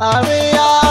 Maria.